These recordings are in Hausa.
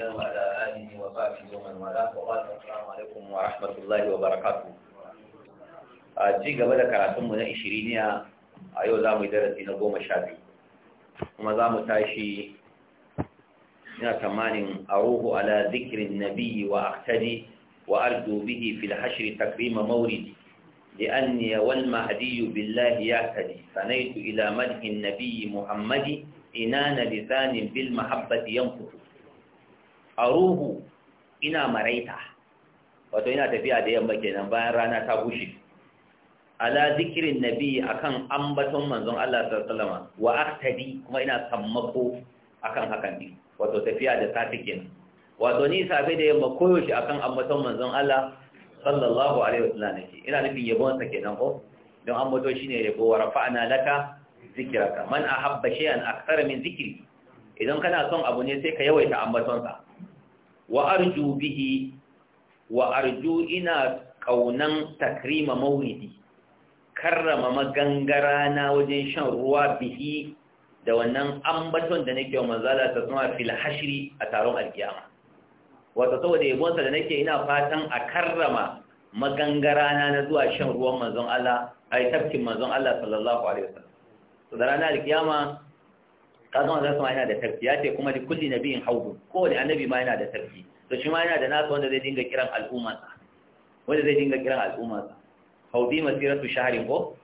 الإسلام على آله وصحبه ومن والاه وبارك السلام عليكم ورحمة الله وبركاته أجي قبل كراتم من عشرين a yau za mu yi darasi na goma sha biyu kuma za mu tashi ina tamanin a ruhu ala zikirin nabiyyi wa aktadi wa ardu bihi fil hashri takrima mauridi لأني والمهدي بالله يهتدي فنيت إلى مدح النبي محمد إنان لسان بالمحبة ينفث A ruhu, ina maraita wato ina tafiya da yamma kenan bayan rana ta bushe ala zikirin nabi akan ambaton manzon Allah sallallahu wa aktabi kuma ina sammako akan hakan din wato tafiya da safi kenan wato ni safe da yamma koyaushe akan ambaton manzon Allah sallallahu alaihi wasallam ina nufin yabon sa kenan ko don ambato shine yabo wa rafa'na laka zikraka man ahabba shay'an akthara min zikri idan kana son abu ne sai ka yawaita ambaton sa wa arju bihi wa arju ina kaunan takrima maulidi karrama magangara na wajen shan ruwa bihi da wannan ambaton da nake wa manzala ta zama fil hashri a taron alkiyama wato saboda yabonsa da nake ina fatan a karrama magangara na na zuwa shan ruwan manzon Allah ai tafkin manzon Allah sallallahu alaihi wasallam to da ranar alkiyama ka zama zai sama yana da tarki ya ce kuma da kulli nabiyin haudu kowane annabi ma yana da tarki to shi ma yana da nasa wanda zai dinga kiran al'ummarsa wanda zai dinga kiran al'ummarsa haudi masiratu shaharin ko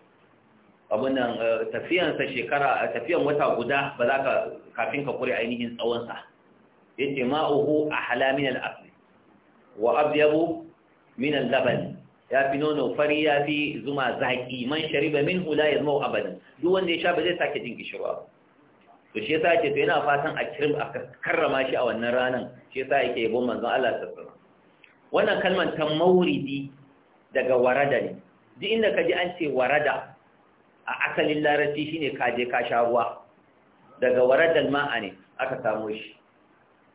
abin nan eh, tafiyansa shekara eh, tafiyan wata guda ba za ka kafin ka kure ainihin tsawonsa ya ce ma'uhu a halamin al'asli wa abyabu min al-laban ya fi nono fari ya fi zuma zaki man shariba min hula ya zama abadan duk wanda ya sha ba zai sake jin kishirwa to shi yasa yake to yana fatan a kirim a karrama shi a wannan ranan shi yasa yake yabon manzon Allah sallallahu alaihi wasallam wannan kalman ta mauridi daga warada ne duk inda kaji an ce warada a asalin larabci shine kaje ka sha ruwa daga waradal ma'a ne aka samu shi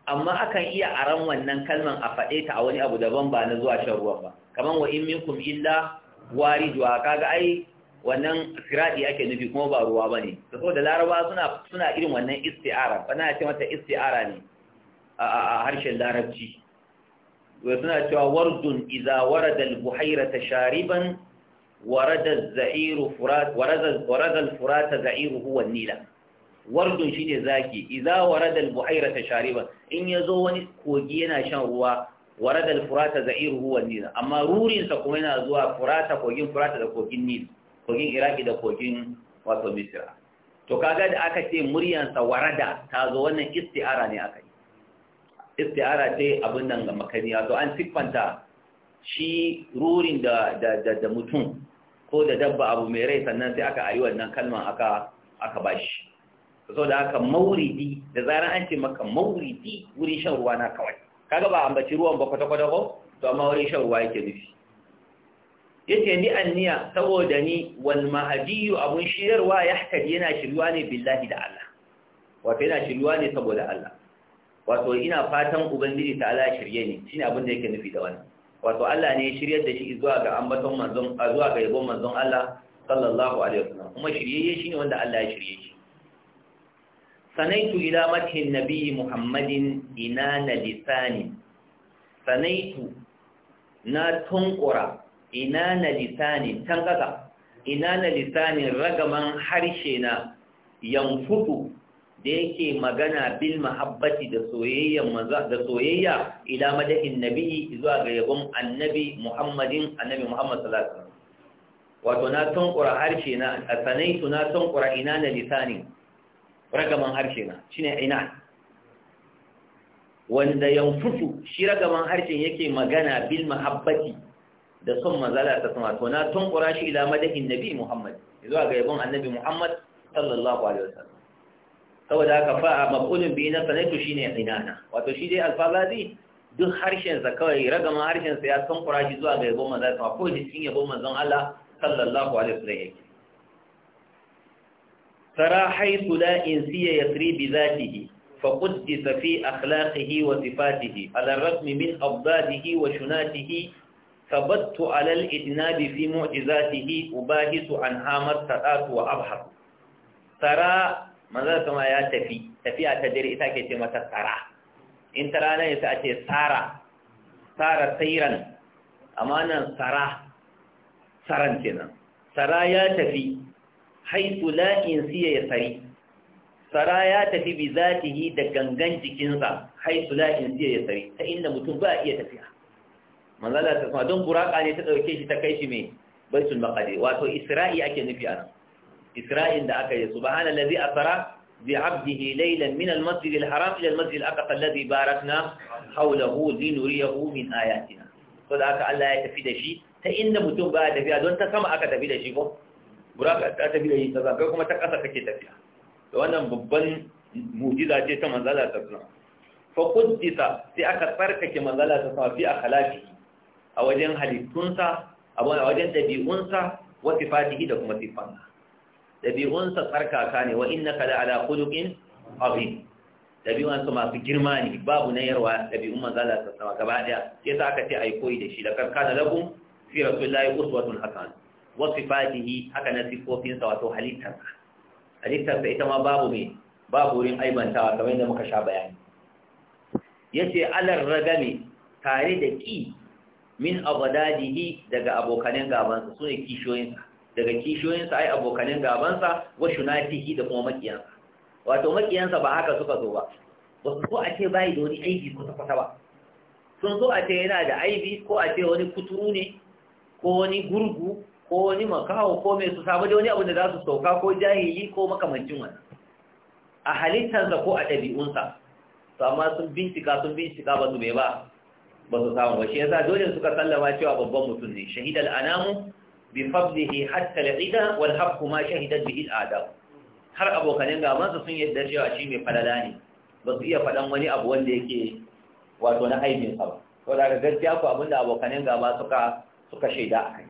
amma akan iya aran wannan kalman a fade ta a wani abu daban ba na zuwa shan ruwa ba kaman wa in minkum illa wariduwa kaga ai wannan siradi ake nufi kuma ba ruwa bane saboda laraba suna suna irin wannan isti'ara wannan ce mata isti'ara ne a harshen larabci wa suna cewa wardun idza warada albuhaira buhayrata shariban warada az-za'iru furat warada warada al-furata za'iruhu nila wardun shine zaki idza warada albuhaira buhayrata shariban in yazo wani kogi yana shan ruwa warada al-furata za'iruhu wan-nila amma sa kuma yana zuwa furata kogin furata da kogin nila kogin iraki da kogin wato misira to kaga da aka ce muryansa warada ta zo wannan isti'ara ne aka yi isti'ara ce abin nan ga makaniya to an siffanta shi rurin da da mutum ko da dabba abu mai rai sannan sai aka ayi wannan kalman aka aka bashi so da aka mauridi da zaran an ce maka mauridi wurin shan ruwa na kawai kaga ba ambaci ruwan ba kwata kwata ko to amma wurin shan ruwa yake nufi yake ni anniya saboda ni wal mahdi abun shiryarwa yahtadi yana shirwa ne billahi da Allah wato yana shirwa ne saboda Allah wato ina fatan ubangiji ta Allah shirye ni shine abin da yake nufi da wannan wato Allah ne ya shiryar da shi zuwa ga ambaton manzon zuwa ga yabon manzon Allah sallallahu alaihi wasallam kuma shiryayye shine wanda Allah ya shirye shi sanaitu ila mathin nabiyyi muhammadin inana lisani sanaitu na tunkura ina na lisanin can ina na lisanin ragaman harshe na yanfutu da yake magana bil mahabbati da soyayya da soyayya ila madahin nabi zuwa ga yabon annabi muhammadin annabi muhammad sallallahu alaihi wasallam wato na tunkura harshe na sanaitu na tunkura ina na lisanin ragaman harshe na shine ina wanda yanfutu shi ragaman harshen yake magana bil mahabbati da son manzala ta sama to na tunkura shi ila madahin nabi Muhammad zuwa ga yabon annabi Muhammad sallallahu alaihi wasallam saboda haka fa a maqulun bi na sanaitu shine inana wato shi dai alfazazi duk harshen sa kawai ragama harshen sa ya tunkura shi zuwa ga yabon manzala sama ko cikin yabon manzon Allah sallallahu alaihi wasallam yake ترى حيث لا إنسي يسري بذاته فقدس في أخلاقه وصفاته على الرغم من أبداده وشناته tabattu alal idnabi fi mu'jizatihi ubahisu an hamar tadatu wa abhar tara manzon sama ya tafi tafiya ta dare ita ke ce mata tara in tara nan ita a ce tsara tsara sairan amma nan tsara tsaran kenan tsara ya tafi haitu la insiya ya sari. tsara ya tafi bi zatihi da gangan jikinsa haitu la insiya ya sari, ta inda mutum ba iya tafiya manzala ta sama don buraka ne ta dauke shi ta kai shi mai baitul maqdis wato isra'i ake nufi a nan isra'in da aka yi subhanallazi asra bi 'abdihi laylan min al-masjid al-haram ila al-masjid al-aqsa alladhi barakna hawlahu linuriyahu min ayatina to da aka Allah ya tafi da shi ta inda mutum ba ya tafiya don ta sama aka tafi da shi ko buraka ta tafi da shi ta zaka kuma ta kasa kake tafiya to wannan babban mu'jiza ce ta manzala ta sunna fa quddisa sai aka tsarkake manzala ta sunna fi akhlaqihi a wajen halittunsa a wajen ɗabi'unsa wa fatihi da kuma siffansa ɗabi'unsa tsarkaka ne wa inna ka da ala kulukin abin ɗabi'unsa masu girma ne babu na yarwa ɗabi'un manzala ta sama gaba ɗaya ya sa aka ce a yi koyi da shi da karka da lagun fi rasulullahi uswatun hasan wa fatihi haka na siffofinsa wato halittarsa halittarsa ita ma babu mai babu wurin aibantawa kamar yadda muka sha bayani ya ce alar ragami tare da ƙi min abadadihi daga abokanen gabansa su ne kishoyinsa daga kishoyinsa ai abokanen gabansa wa shunatihi da kuma makiyansa wato makiyansa ba haka suka zo ba Wasu so a ce bai da wani aibi kwata-kwata ba sun so a ce yana da aibi ko a ce wani kuturu ne ko wani gurgu ko wani makaho ko mai su samu da wani abu da za su sauka ko jahili ko makamancin wannan a halittarsa ko a ɗabi'unsa to amma sun bincika sun bincika ba su mai ba ba su samu ba shi yasa dole suka sallama cewa babban mutum ne al anamu bi fadlihi hatta al wal ma shahidat bihi al-adab har abokanin gama su sun yadda cewa shi mai falala ne ba su iya faɗan wani abu wanda yake wato na aibin sa ba to daga gaskiya ku abinda abokanin gaba suka suka shaida akai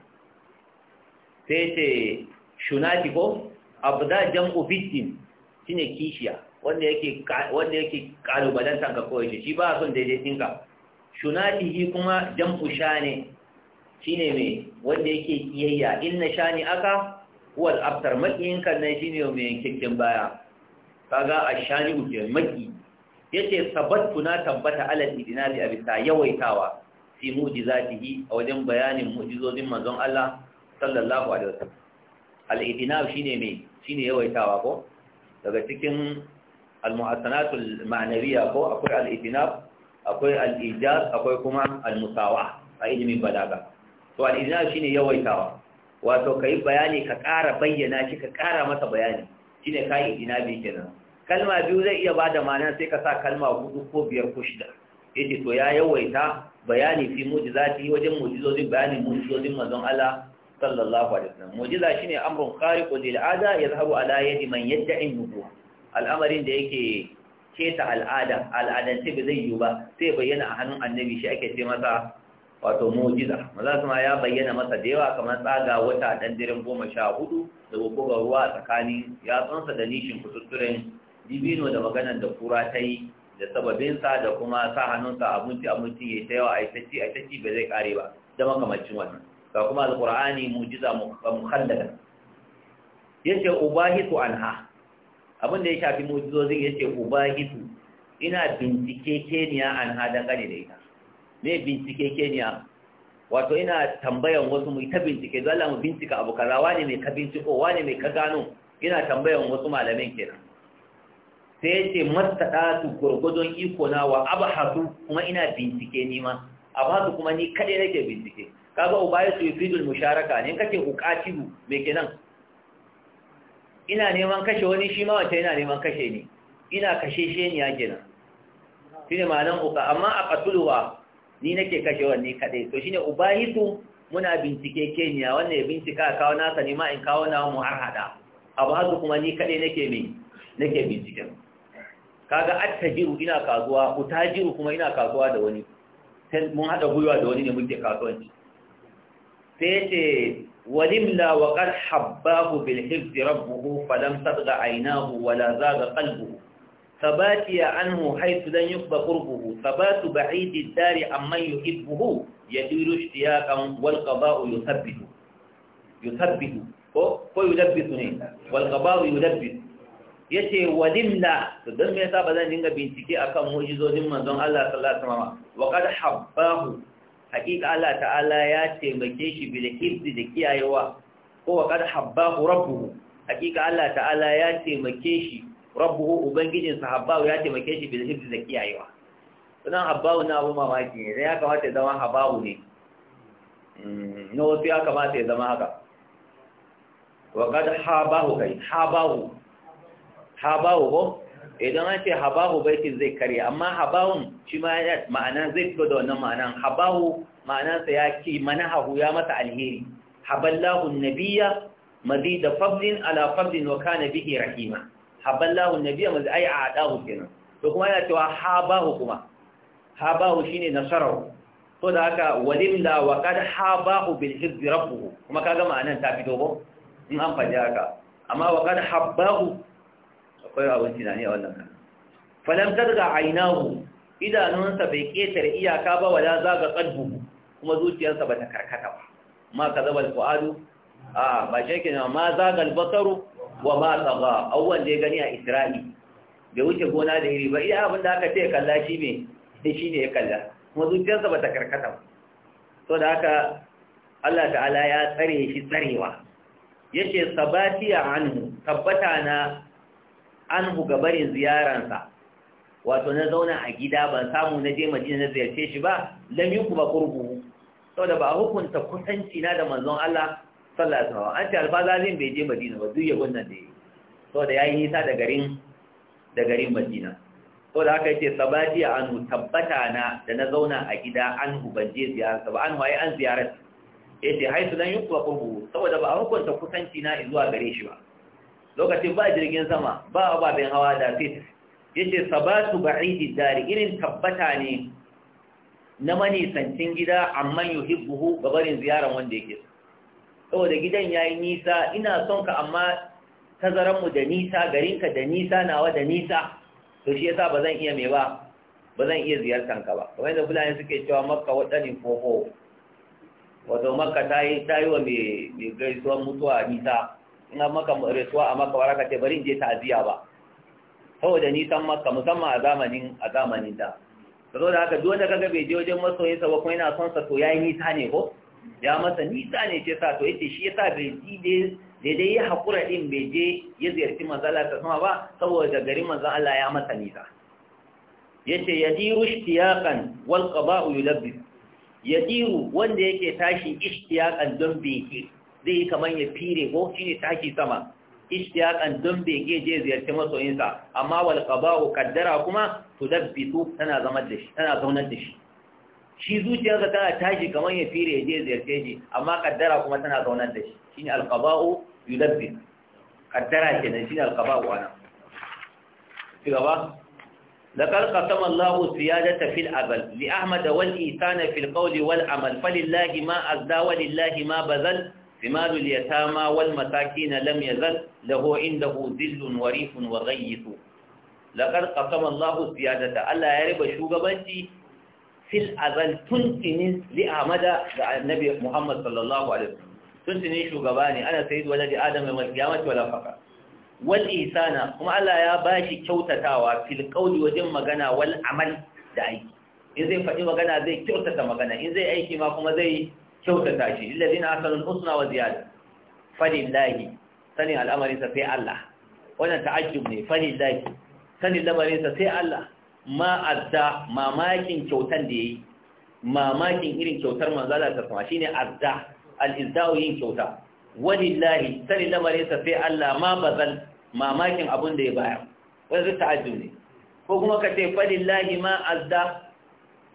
sai ce shunati ko abda jam'u fitin shine kishiya wanda yake wanda yake kalubalantar ka koyaushe shi ba son daidaitinka shunatihi kuma jam'u shane shine mai wanda yake kiyayya inna shani aka huwal aftar makiyin kan nan shine mai yankakken baya kaga ashani uke maki yace sabattu na tabbata ala idinabi abisa yawaitawa fi mu'jizatihi a wajen bayanin mu'jizozin manzon Allah sallallahu alaihi wasallam al-idinab shine mai shine yawaitawa ko daga cikin al-muhassanatul ma'nawiyya ko akwai al-idinab akwai al akwai kuma al a ilimin balaga to al-ijaz shine yawaitawa wato kai bayani ka ƙara bayyana shi ka ƙara masa bayani shine kai ijinabi kenan kalma biyu zai iya bada ma'ana sai ka sa kalma hudu ko biyar ko shida yace to ya yawaita bayani fi yi wajen mu'jizozin bayanin mu'jizozin manzon Allah sallallahu alaihi wasallam mu'jiza shine amrun khariqu lil ada yazhabu ala yadi man yad'i nubuwa al'amarin da yake keta al'ada al'adance ba zai yiwu ba sai bayyana a hannun annabi shi ake ce masa wato mu'jiza maza kuma ya bayyana masa da yawa kamar tsaga wata dan diren goma sha hudu da guguwar ruwa a tsakanin yatsunsa da nishin kututturen dibino da maganar da kura ta yi da sababinsa da kuma sa hannunsa abinci abinci ya ta yawa a itacci a itacci ba zai kare ba da makamacin wannan ga kuma alkur'ani mu'jiza mukhallada yace ubahitu anha abin da ya shafi mujizozin ya ce ubahitu ina bincike keniya an hadan gane da ita me bincike keniya wato ina tambayan wasu mu ta bincike don mu bincika abu kaza wane mai ka binciko wane mai ka gano ina tambayan wasu malamin kenan sai ce mastaɗa su gurgudun iko na wa abahatu kuma ina bincike ni ma abahatu kuma ni kaɗai nake bincike kaga ubayi su yi fidul musharaka ne kace ukatibu me kenan ina neman kashe wani shi ma wata yana neman kashe ni ina kashe shi ne ya gina shi ne malan uka amma a katuluwa ni nake kashe wani kaɗai to shi ne ubahisu muna bincike keniya wannan ya bincika a kawo nasa ne ma in kawo na mu har haɗa abu haka kuma ni kaɗai nake mai nake binciken kaga attajiru ina kasuwa utajiru kuma ina kasuwa da wani mun haɗa gwiwa da wani ne muke kasuwanci sai ce walimla wa qad habbahu bil hifz rabbuhu falam tadgha aynahu wa la zaga qalbuhu ثباتي عنه حيث لن يقضى قربه ثبات بعيد الدار عمن يحبه يدير اشتياقا والقضاء يثبت يثبت فيلبسني والقضاء يلبس yace walimla to dan me yasa zan dinga bincike akan mu'jizojin manzon Allah sallallahu alaihi wasallam wa qad habbahu hakika Allah ta'ala ya taimake shi bil hifzi da kiyayewa ko wa qad habbahu rabbuhu hakika Allah ta'ala ya taimake shi rabbuhu ubangijin sa habbahu ya taimake shi bil hifzi da kiyayewa sunan habbahu na abu mamaki ne sai ya kamata ya zama habbahu ne hmm, no wasu ya kamata ya zama haka wa qad habahu kai habahu habahu ko idan an ce habahu baitin zai karye amma habahun shi ma ya ma'ana zai fito da wannan ma'anan habahu ma'anansa ya ki manahahu ya masa alheri haballahu nabiyya mazida fadlin ala fadlin wa kana bihi rahima haballahu nabiyya mazi ai a adahu kenan to kuma yana cewa habahu kuma habahu shine nasarau to da haka walilla wa qad habahu bil hizbi rabbuhu kuma kaga ma'anan ta fito ba in an faɗi haka amma wa qad habahu abinci na tunani a wannan kan falamtar ga ainihu idanunsa bai ƙetare iyaka ba wala zaga ƙadbu kuma zuciyarsa ba ta karkata ba ma ka zaba alfu'adu a ba shi yake ma zaga albasaru wa ma ba awwan da ya gani a isra'i bai wuce gona da iri ba iya abin da aka ce kalla shi ne shi ne ya kalla kuma zuciyarsa ba ta karkata ba so da haka Allah ta'ala ya tsare shi tsarewa yace sabatiya anu tabbata na an gabarin ziyaransa wato na zauna a gida ban samu na je madina na ziyarce shi ba lam yuku ba qurbu saboda ba hukunta kusanci na da manzon Allah sallallahu alaihi wasallam an ce zin bai je madina ba duk ya wannan da yi saboda yayi nisa da garin da garin madina saboda haka yace sabati an tabbata na da na zauna a gida anhu ban je ziyararsa ba an ai an ziyarar yace haisu lan yuku ba qurbu saboda ba hukunta kusanci na zuwa gare shi ba lokacin ba jirgin sama ba ababen hawa da fit yace sabatu ba'idi dari irin tabbata ne na manisancin gida amma yuhibbuhu gabarin ziyaran wanda yake saboda gidan yayi nisa ina son ka amma tazaran da nisa garinka da nisa nawa da nisa to shi yasa bazan iya me ba bazan iya ziyartan ka ba kamar da fulani suke cewa makka wadanin koko wato makka ta yi wa mai gaisuwa mutuwa nisa na maka rasuwa a maka waraka ce bari in je ta'aziyya ba saboda nisan maka musamman a zamanin a zamanin da da haka duk wanda kaga bai je wajen masoyin sa ba kuma yana son sa to yayi nisa ne ko ya masa nisa ne ce sa to yace shi yasa bai ji daidai ya hakura din bai je ya ziyarci manzon Allah ta sama ba saboda garin manzon Allah ya masa nisa yace yadiru ishtiyaqan wal qada'u yulabbis yadiru wanda yake tashi ishtiyaqan don biki zai yi kamar ya fire ko shi ne tashi sama ishtiyakan don bege je ziyarci masoyinsa amma wal qaba'u qaddara kuma tudabbitu tana zama da shi tana zaunar da shi shi zuciyarsa tana tashi kamar ya fire je ziyarce shi amma qaddara kuma tana zaunar da shi shine al qaba'u yudabbit qaddara kenan shine al qaba'u ana ci gaba لقد قسم الله سيادة في الأبل لأحمد والإيثان في القول والعمل فلله ما أزدى ولله ما بذل بمال اليتامى والمساكين لم يزل له عنده ذل وريف وغيث لقد قسم الله السيادة ألا يرب شوغبتي في الأزل تنتني لأحمد النبي محمد صلى الله عليه وسلم تنتني شوغباني أنا سيد ولد آدم يوم القيامة ولا فقر والإحسان كما ألا يا باشي كوتتاوا في القول وجم مغنى والعمل دعي إذا فإن مغنى زي كوتتا مغنى إذا أيكي ما كما زي kyautata shi lillazina asalin husna wa ziyada falillahi sanin al'amarin sa sai Allah wannan ta'ajjub ne falillahi sanin lamarin sa sai Allah ma azza mamakin kyautan da yayi mamakin irin kyautar manzo Allah ta kuma shine azza al yin kyauta walillahi sanin lamarin sa sai Allah ma bazal mamakin abin da ya bayar wannan ta'ajjub ne ko kuma ka ce falillahi ma azza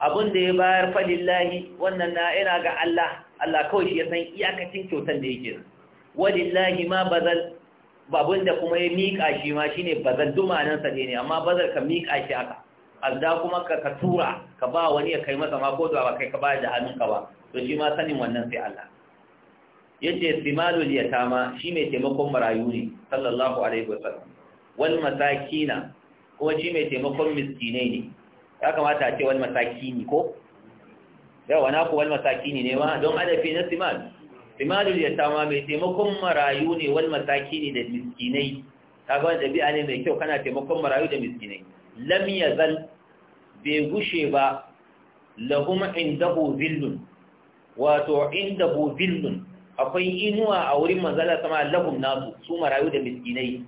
abin da ya bayar falillahi wannan na yana ga Allah Allah kawai shi ya san iyakacin kyautar da yake walillahi ma bazal babun da kuma ya miƙa shi ma shine bazal dumanan sa ne amma bazal ka miƙa shi aka azda kuma ka ka tura ka ba wani ya kai masa ma ko da ba kai ka ba da ka ba to shi ma sanin wannan sai Allah yace simalul yatama shi mai taimakon marayu ne sallallahu alaihi wasallam wal masakina kuma shi mai taimakon miskinai ne ya kamata a ce wal ni ko yawa na ku wal ni ne ma don adafi na simal simalul ma mai taimakon marayu ne wal ni da miskinai Ta wani ɗabi'a ne mai kyau kana taimakon marayu da miskinai lam ya zal, bai gushe ba lahum indahu zillun wato indahu zillun akwai inuwa a wurin mazala sama lahum nasu su marayu da miskinai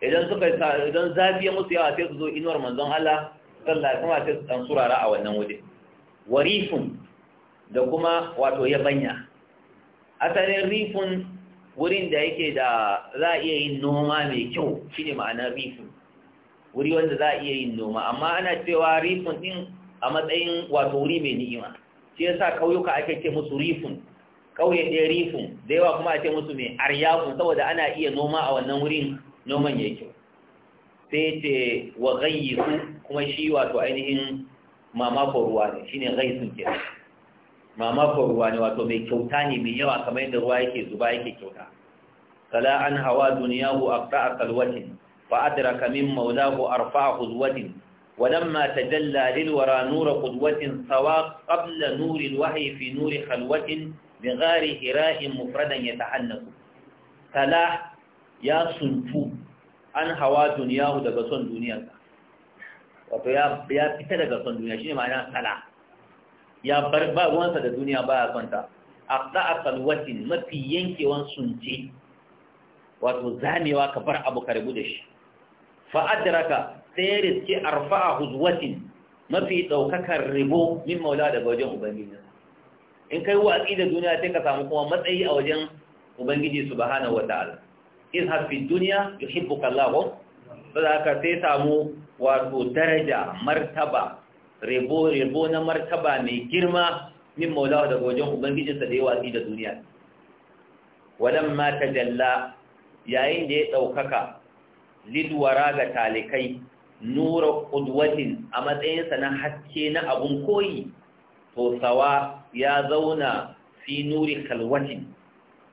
idan suka idan zafi musu yawa sai su zo inuwar manzon Allah sallah kuma sai su dan surara a wannan waje warifun da kuma wato yabanya asalin rifun wurin da yake da za a iya yin noma mai kyau shine ma'anar rifun wuri wanda za a iya yin noma amma ana cewa rifun din a matsayin wato wuri mai ni'ima shi yasa kauyuka ake ce musu rifun kauye ɗaya rifun da yawa kuma a ce musu mai aryafun saboda ana iya noma a wannan wurin noman ya kyau sai ce wa gaisu kuma shi wato ainihin mamakon ruwa ne wato mai kyauta ne mai yawa kamar yadda ruwa yake zuba yake kyauta kala an hawa duniya ku a ƙa'a kalwatin fa adraka min maula ku a rufa kuzwatin wadan jalla lilwara nura kuzwatin sawa ƙabla nuri wahayi fi nuri kalwatin bi gari hira'in mufradan ya ta hannaku kala ya suntu an hawa duniyahu daga son duniyarsa wato ya fita daga son duniya ne ma'ana sala ya bar ba da duniya ba ya kwanta a sa'a salwatin mafi yankewan sunce wato zamewa ka bar abu karbu da shi ka sai riski a huzwatin mafi ɗaukakar ribo min maula daga wajen ubangiji in kai watsi da duniya sai ka samu kuma matsayi a wajen ubangiji subhanahu ala. In izhab fi dunya yuhibbuka ba za ka sai samu wato daraja martaba rebo rebo na martaba mai girma min maulawa daga wajen ubangijinsa da yawa watsi da duniya wadan Mata Jalla, yayin da ya ɗaukaka lidwara ga talikai nura kudwatin a matsayinsa na haske na abun koyi to sawa ya zauna fi nuri kalwatin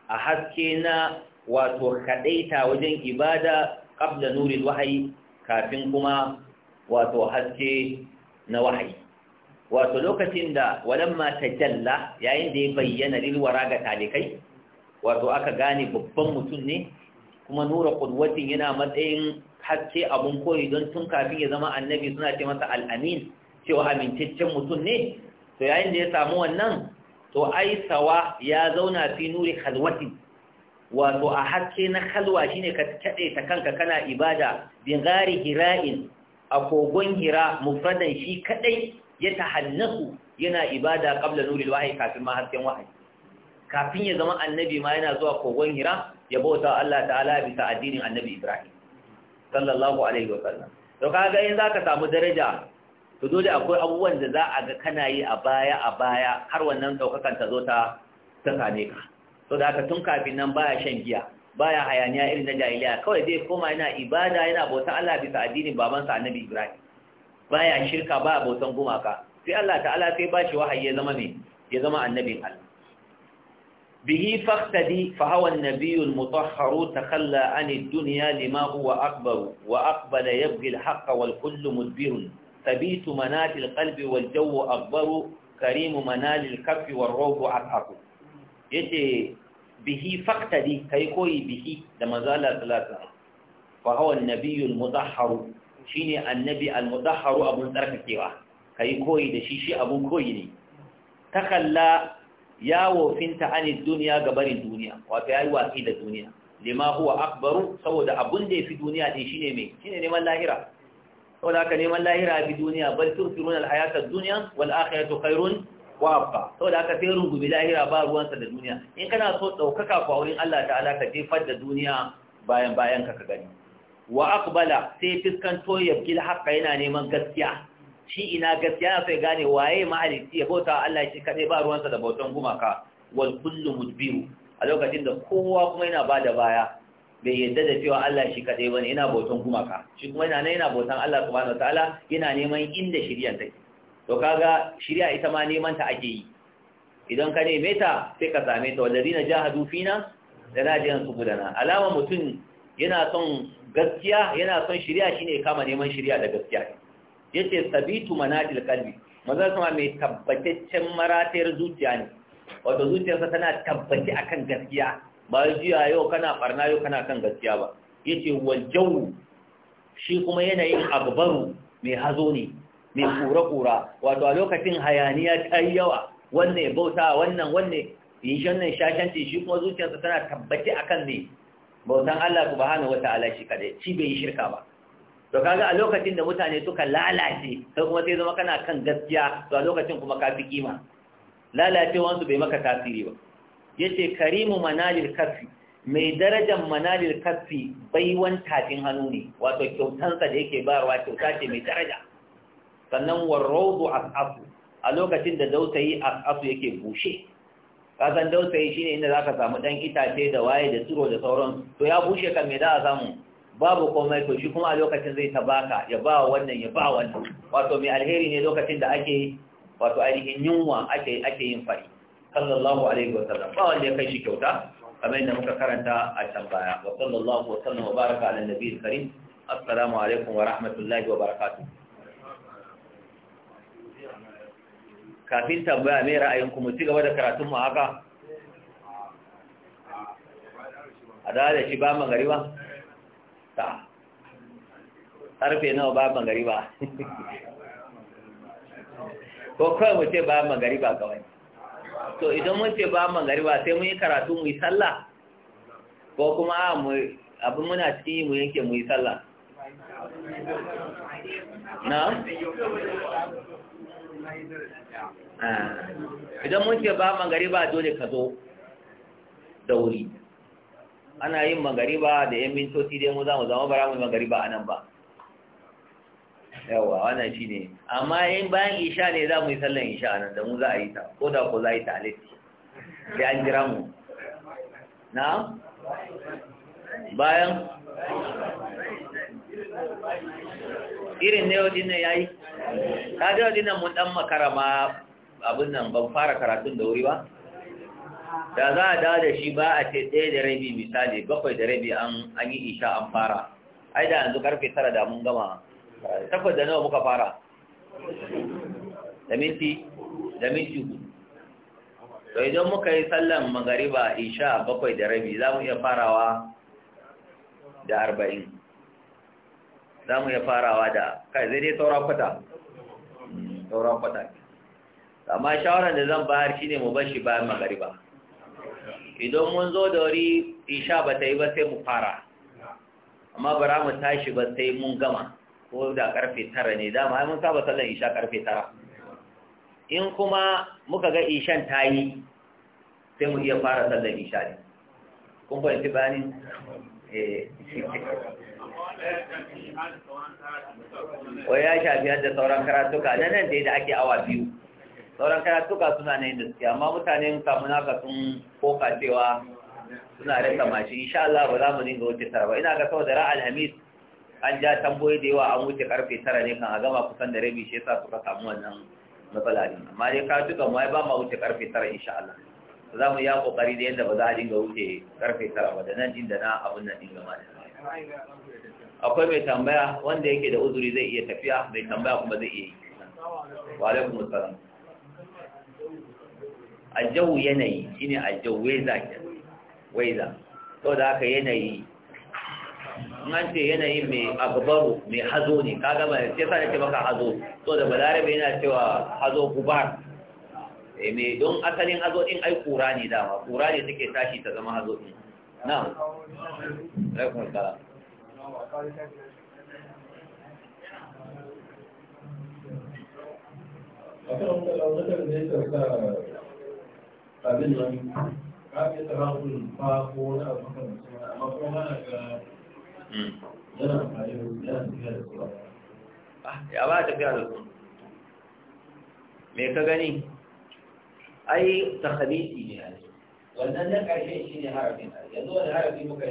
a haske na wato kadaita wajen ibada qabla nurin wahyi kafin kuma wato haske na wahayi wato lokacin da mata jalla yayin da ya bayyana lilwara ga talikai wato aka gane babban mutum ne kuma nura ƙudwatin yana matsayin haske abun koyi don tun kafin ya zama annabi suna ce masa al'amin cewa amintaccen mutum ne to yayin da ya samu wannan to ai ya zauna fi nuri khalwati wato a haske na halwa shine ka tade ta kanka kana ibada bin gari hira'in a kogon hira mufradan shi kadai ya tahannasu yana ibada qabla nuril wahyi kafin ma hasken kafin ya zama annabi ma yana zuwa kogon hira ya bauta Allah ta'ala bisa addinin annabi Ibrahim sallallahu alaihi wa sallam to kaga in zaka samu daraja to dole akwai abubuwan da za a ga kana yi a baya a baya har wannan daukakan ta zo ta ta same ka so da haka tun kafin nan baya shan giya baya hayaniya irin na jahiliya kawai zai koma yana ibada yana bautan Allah bisa addinin babansa annabi Ibrahim baya shirka baya bautan gumaka sai Allah ta'ala sai ba shi wahayi ya zama ne ya zama annabin Allah bihi faqtadi fa hawa an-nabiyyu mutahharu takhalla an ad-dunya lima huwa akbar wa aqbala yabghi al-haqq wal kullu mudbir thabit manat al-qalb wal jaw akbar karim manal al-kaff wal bihi faktadi kai koyi bihi da mazala salatu fa hawa annabiyul mudahharu shine annabi al-mudahharu abun tsarkakewa kai koyi da shi shi abun koyi ne takalla ya wofinta anid duniya gabarin duniya wato yayi waki da duniya lima huwa akbaru saboda abun da yafi duniya din shine me shine neman lahira saboda haka neman lahira bi duniya bal tu'thiruna al-hayata ad-dunya wal akhiratu khairun wa abba saboda aka sai rungume lahira ba ruwansa da duniya in kana so ɗaukaka a wurin Allah ta'ala ka jefar da duniya bayan bayan ka ka gani wa aqbala sai fiskanto ya bil haqqa yana neman gaskiya shi ina gaskiya sai gane waye mahalicci ya bauta Allah shi kadai ba ruwansa da bautan gumaka wal kullu mudbiru a lokacin da kowa kuma yana bada baya bai yadda da cewa Allah shi kadai bane yana bautan gumaka shi kuma yana yana bautan Allah subhanahu wataala yana neman inda shiriyan take to kaga shirya ita ma neman ta ake yi idan ka neme ta sai ka same ta na jahadu fina da su gudana. alama mutum yana son gaskiya yana son shirya shine kama neman shirya da gaskiya Ya yace sabitu manatil kalbi maza kuma mai tabbataccen maratayar zuciya ne wato zuciyarsa tana tabbaci akan gaskiya ba jiya yau kana barna yau kana kan gaskiya ba yace wal jawu shi kuma yanayin agbaru mai hazo ne mai kura-kura wato a lokacin hayaniya ta yi yawa wannan bauta wannan wannan yi shashanci shi kuma zuciyarsa tana tabbaci akan ne bautan Allah ku wata ala shi kadai shi bai yi shirka ba to kaga a lokacin da mutane suka lalace sai kuma sai zama kana kan gaskiya to a lokacin kuma ka fi kima lalacewansu bai maka tasiri ba Ya ce karimu manalil kafi mai darajar manalil kafi baiwan tafin hannu ne wato kyautansa da yake bayarwa kyauta ce mai daraja sannan warraudu as'asu a lokacin da dausayi as'asu yake bushe kasan dausayi shine inda zaka samu ɗan itace da waye da tsiro da sauran to ya bushe kan me za a samu babu komai to shi kuma a lokacin zai tabaka ya ba wannan ya ba wannan wato mai alheri ne lokacin da ake wato ainihin yunwa ake ake yin fari sallallahu alaihi wasallam ba wanda ya kai shi kyauta kamar yadda muka karanta a can baya wa sallallahu wa sallam wa baraka ala nabiyil karim assalamu alaikum wa rahmatullahi wa barakatuh kafin tambaya mai ra'ayin kuma ci gaba da karatun mu haka a dawo da shi ba magariba ta karfe nawa ba magariba ko kawai mu ce ba magariba kawai to idan mun ce ba magariba sai mun yi karatu mu yi salla? ko kuma abin muna cikin yi mu yanke mu yi salla? na Eh. idan mun ce ba magariba dole ka zo da wuri ana yin magariba da yan mintoci dai mu za mu zama bara mu magariba a nan ba yawa wannan shi ne amma yin bayan isha ne za mu yi sallan isha a nan da mu za a yi ta ko da ko za a yi ta alif sai an jira mu na bayan irin ne yau dinnan ya yi ta ga yau dinnan mun ɗan ma abin nan ban fara karatun da wuri ba da za a dawo da shi ba a ce ɗaya da rabi misali bakwai da rabi an yi isha an fara ai da yanzu karfe tara da mun gama takwas da nawa muka fara da minti da minti hudu to idan muka yi sallan magariba isha bakwai da rabi za mu iya farawa da arba'in za mu iya farawa da kai zai dai saura fata saura fata amma shawarar da zan bayar shine mu bar shi bayan magariba idan mun zo da wuri isha ba ta yi ba sai mu fara amma bara mu tashi ba sai mun gama ko da karfe tara ne dama mun saba sallan isha karfe tara in kuma muka ga ishan ta yi sai mu iya fara sallan isha ne kun fahimci bayani eh ko ya shafi yadda sauran karatuka na nan da ake awa biyu sauran karatuka suna na inda suke amma mutanen kamun ka sun koka cewa suna rasa mashi insha Allah ba za mu dinga wuce tara ba ina ga da ra'al Hamis an ja tamboyi da yawa an wuce karfe tara ne kan a gama kusan da rabi shi yasa suka samu wannan matsala ne amma dai karatuka mu ba ma wuce karfe tara insha Allah za mu ya kokari da yadda ba za a dinga wuce karfe tara ba da nan din da na abun nan din gama da akwai mai tambaya wanda yake da uzuri zai iya tafiya mai tambaya kuma zai iya yi wa alaikum assalam ajau yanayi shine ajau weza ke weza da haka yanayi an ce yanayi mai agbaru mai hazo ne Ka gama da ce sa ce maka hazo to da balarabe yana cewa hazo gubar eh me don asalin hazo din ai kura ne dama kura ne suke tashi ta zama hazo din na'am alaikum tsara akan kalaunukan da ya sa nan kafin ko amma kuma yana da ya ba tafiya da su me ka gani ai takhalisi ne wannan na ƙarshen shi ne harafin yanzu wani harafin muka